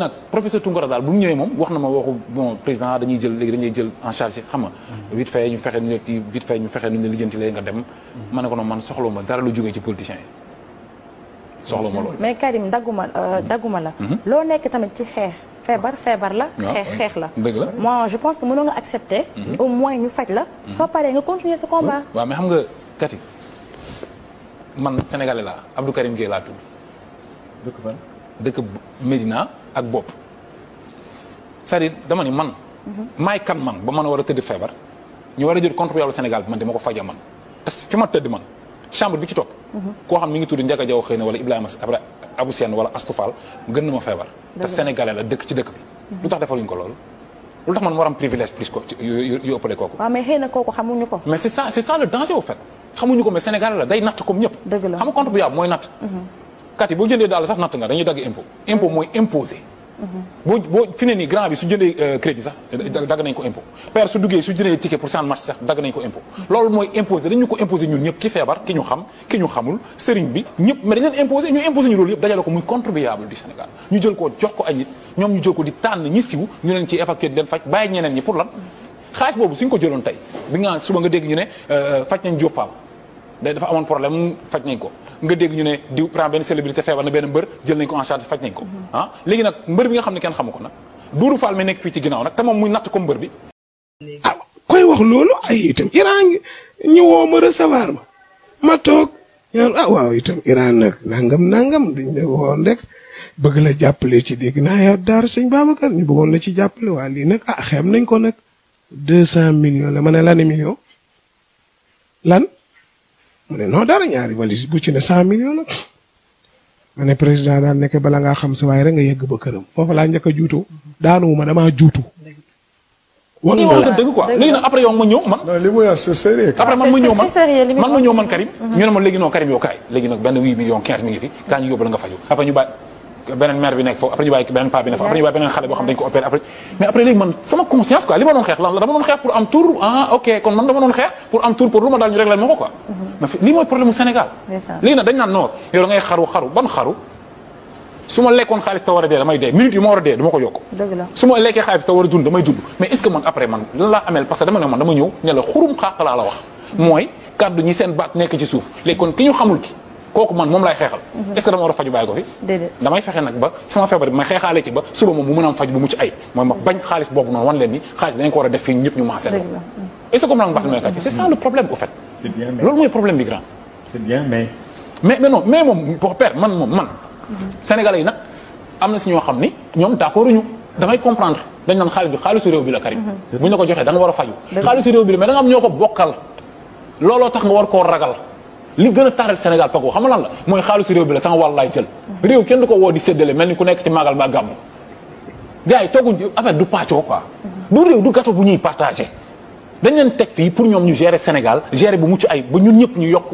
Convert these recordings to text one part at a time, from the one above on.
nag professeur Tounkara daal bu mu ñëwee moom wax na ma waxu bon président dañuy jël léegi dañuy jël en charge xam nga mm-hmm. ñu fexe ñu ci ñu fexe nu ñu lijjanti léegi nga dem mm-hmm. ma ne ko noonu man soxla ma dara lu jógee ci politiciens yi soxla ma loolu mais Karim dagguma euh, mm-hmm. dagguma la loo nekk tamit ci xeex feebar feebar la ah, xeex la dëgg la moi je pense que mënoo nga accepter au mois ñu faj la soo paree nga continuer sa combat waaw mais xam nga Kati man sénégalais laa Abdou Karim Gueye ak bopp cest à dama ni man maay kan man ba mën war a tëdd feebar ñu war a jël contribuable Sénégal bi man di ma ko faja man parce que fi ma tëdd man chambre bi ci topp koo xam mi ngi tudd Ndiaga Diaw xëy na wala Ibrahima Abou Sène wala Astoufal ma feebar te sénégalais dëkk ci dëkk bi lu tax defaluñ ko loolu lu tax man war am privilège plus ko yu ëppale kooku waaw mais xëy na kooku xamuñu ko mais c'est ça c'est ça le danger au fait xamuñu ko mais sénégalais la day natt comme ñëpp xam nga contribuable mooy natt mhm. kat nga dañuy dagg impôt impôt boo boo fi ne nii grand bi su jëndee euh, crédit sax dagg nañ ko impôt per su duggee su jëndee ticket pour seen match sax dagg nañ ko impôt loolu mooy imposé dañu ko imposé ñun ñëpp ki feebar ki ñu xam ki ñu xamul sëriñ bi ñëpp mais dañ imposé ñu imposé ñu loolu yëpp dajale ko muy contribuable du Sénégal ñu jël ko jox ko ay nit ñoom ñu jël ko di tànn ñi siw ñu leen ci évacué leen faj bàyyi ñeneen ñi pour lan xaalis boobu suñ ko jëloon tey bi nga suba nga dégg ñu ne euh, faj nañ Diop Fall day dafa amoon problème mu faj nañ ko nga dégg ñu ne diw prend benn célébrité feebar na benn mbër jël nañ ko en charge faj nañ ko mhm. ah léegi nag mbër bi nga xam ne kenn xamu ko nag duuru faal mi nekk fii ci ginnaaw nag te moom ko mbër bi ah koy wax loolu ay itam Iran ngi ñu woo ma ma ma toog ah, waaw itam Iran nag nangam nangam duñ la woon rek bëgg la jàppale ci dégg naa yow Daara sëñ Babacar ñu bëggoon la ci jàppale waa lii nag ah xem nañ ko nag deux cent millions la ma ne lan million lan mu ne non ñaari valise bu ci ne cent millions la ma ne président daal nekk bala ngaa xam sa waaye rek nga yegg ba këram foofu laa njëkk a juutoo daanuwuma damaa juutu. léegi nag après yow ma ñëw man. non li muy c'est sérieux après man ma ñëw man man ma ñëw man Karim. Mhm. ñu ne ma léegi non Karim yow kaay léegi nag benn huit millions quinze mi fi kaa ñu yóbbu la nga faju après ñu bàyyi. beneen mère bi nekk foofu après ñu bàyyi beneen paa xale boo xam dañu ko opéré après mais après léegi man sama conscience quoi li ma doon xeex lan la ah, mhm. dañ naan noor yow da xaru xaru ban xaru su ma lekkoon xaalis te war a dee damay dee minute yu ma war a dee dama ko yokk su ma lekkee xaalis te war a dund damay dund mais est ce que man après man lan laa ameel parce dama ne man dama ñëw ne la xurum xaax laa la wax mooy kàddu ñi seen baat nekk ci suuf ki xamul ki kooku man moom laay xeexal mhm. est-ce que dama war a faju bàyyi ko fi damay fexe nag ba sama feebar bi may xeexaale ci ba suba moom mu mën a am faj bu mucc ayib mooy ma bañ xaalis boobu noonu leen ni xaalis dañ ko a def fii ñëpp ñu maasee mm. mais mais mais non mais moom pour père man moom man mm-hmm. sénégalais yi nag am na si ñoo xam ni ñoom d'accord ñu damay comprendre dañ naan xaalis bi xaalisu réew bi la Karim mm-hmm. bu ñu la ko joxee da nga war a faju xaalisu réew bi la mais da nga am ñoo ko bokkal looloo tax nga war ragal li gën a taaral Sénégal pako xam nga lan la mooy xaalisu réew bi la sama wàll laay jël réew kenn du ko woo di séddale mel ni ku nekk ci màggal ba gàmmu gars yi tooguñ affaire du pàccoo quoi du réew du gato bu ñuy partagé dañ leen teg fii pour ñoom ñu gérer Sénégal gere bu mucc ay ba ñun ñëpp ñu yokk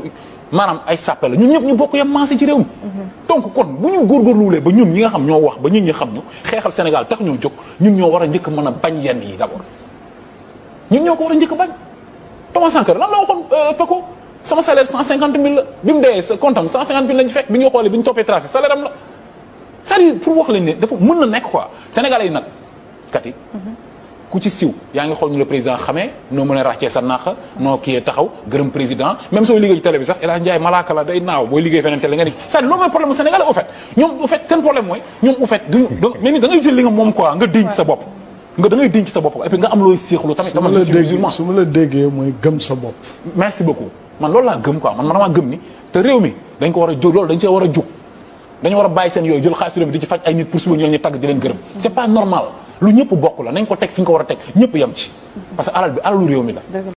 maanaam ay sàppe la ñun ñëpp ñu bokk yam mancé ci réew mi donc kon bu ñu góorgóorluwulee ba ñun ñi nga xam ñoo wax ba ñu ñu xam ñu xeexal Sénégal tax ñoo jóg ñun ñoo war a njëkk mën a bañ yenn yi d'abord ñun ñoo ko war a sama salaire cent cinquante mille la bi mu dee sa compte am cent fekk bi ñu xoolee bi ñu toppee tracé salaire la cest à pour wax lañ ne dafa mën na nekk quoi sénégalais yi nag kat yi ku ci siw yaa ngi xool ñu le président xamee noo mën a ràccee sa naaxa noo kii taxaw gërëm président même sooy liggéey ci télé bi sax El Hadj Ndiaye malaaka la day naaw booy liggéey feneen télé nga ni c'est-à-dire loolu mooy problème bu sénégalais au fait ñoom au fait seen problème mooy ñoom au fait duñu nga dénc sa bopp nga da ngay dénc sa bopp et nga am looy séexlu tamit man loolu laa gëm quoi man man damaa gëm ni te réew mi dañ ko war a jóg loolu dañ cee war a jóg dañu war a bàyyi seen yooyu jël xaalis di ci faj ay nit pour suba ñu leen tagg di leen gërëm c'est pas normal lu ñëpp bokk la nañ ko teg fi ñu ko war teg ñëpp yem ci parce que alal bi alalu réew mi la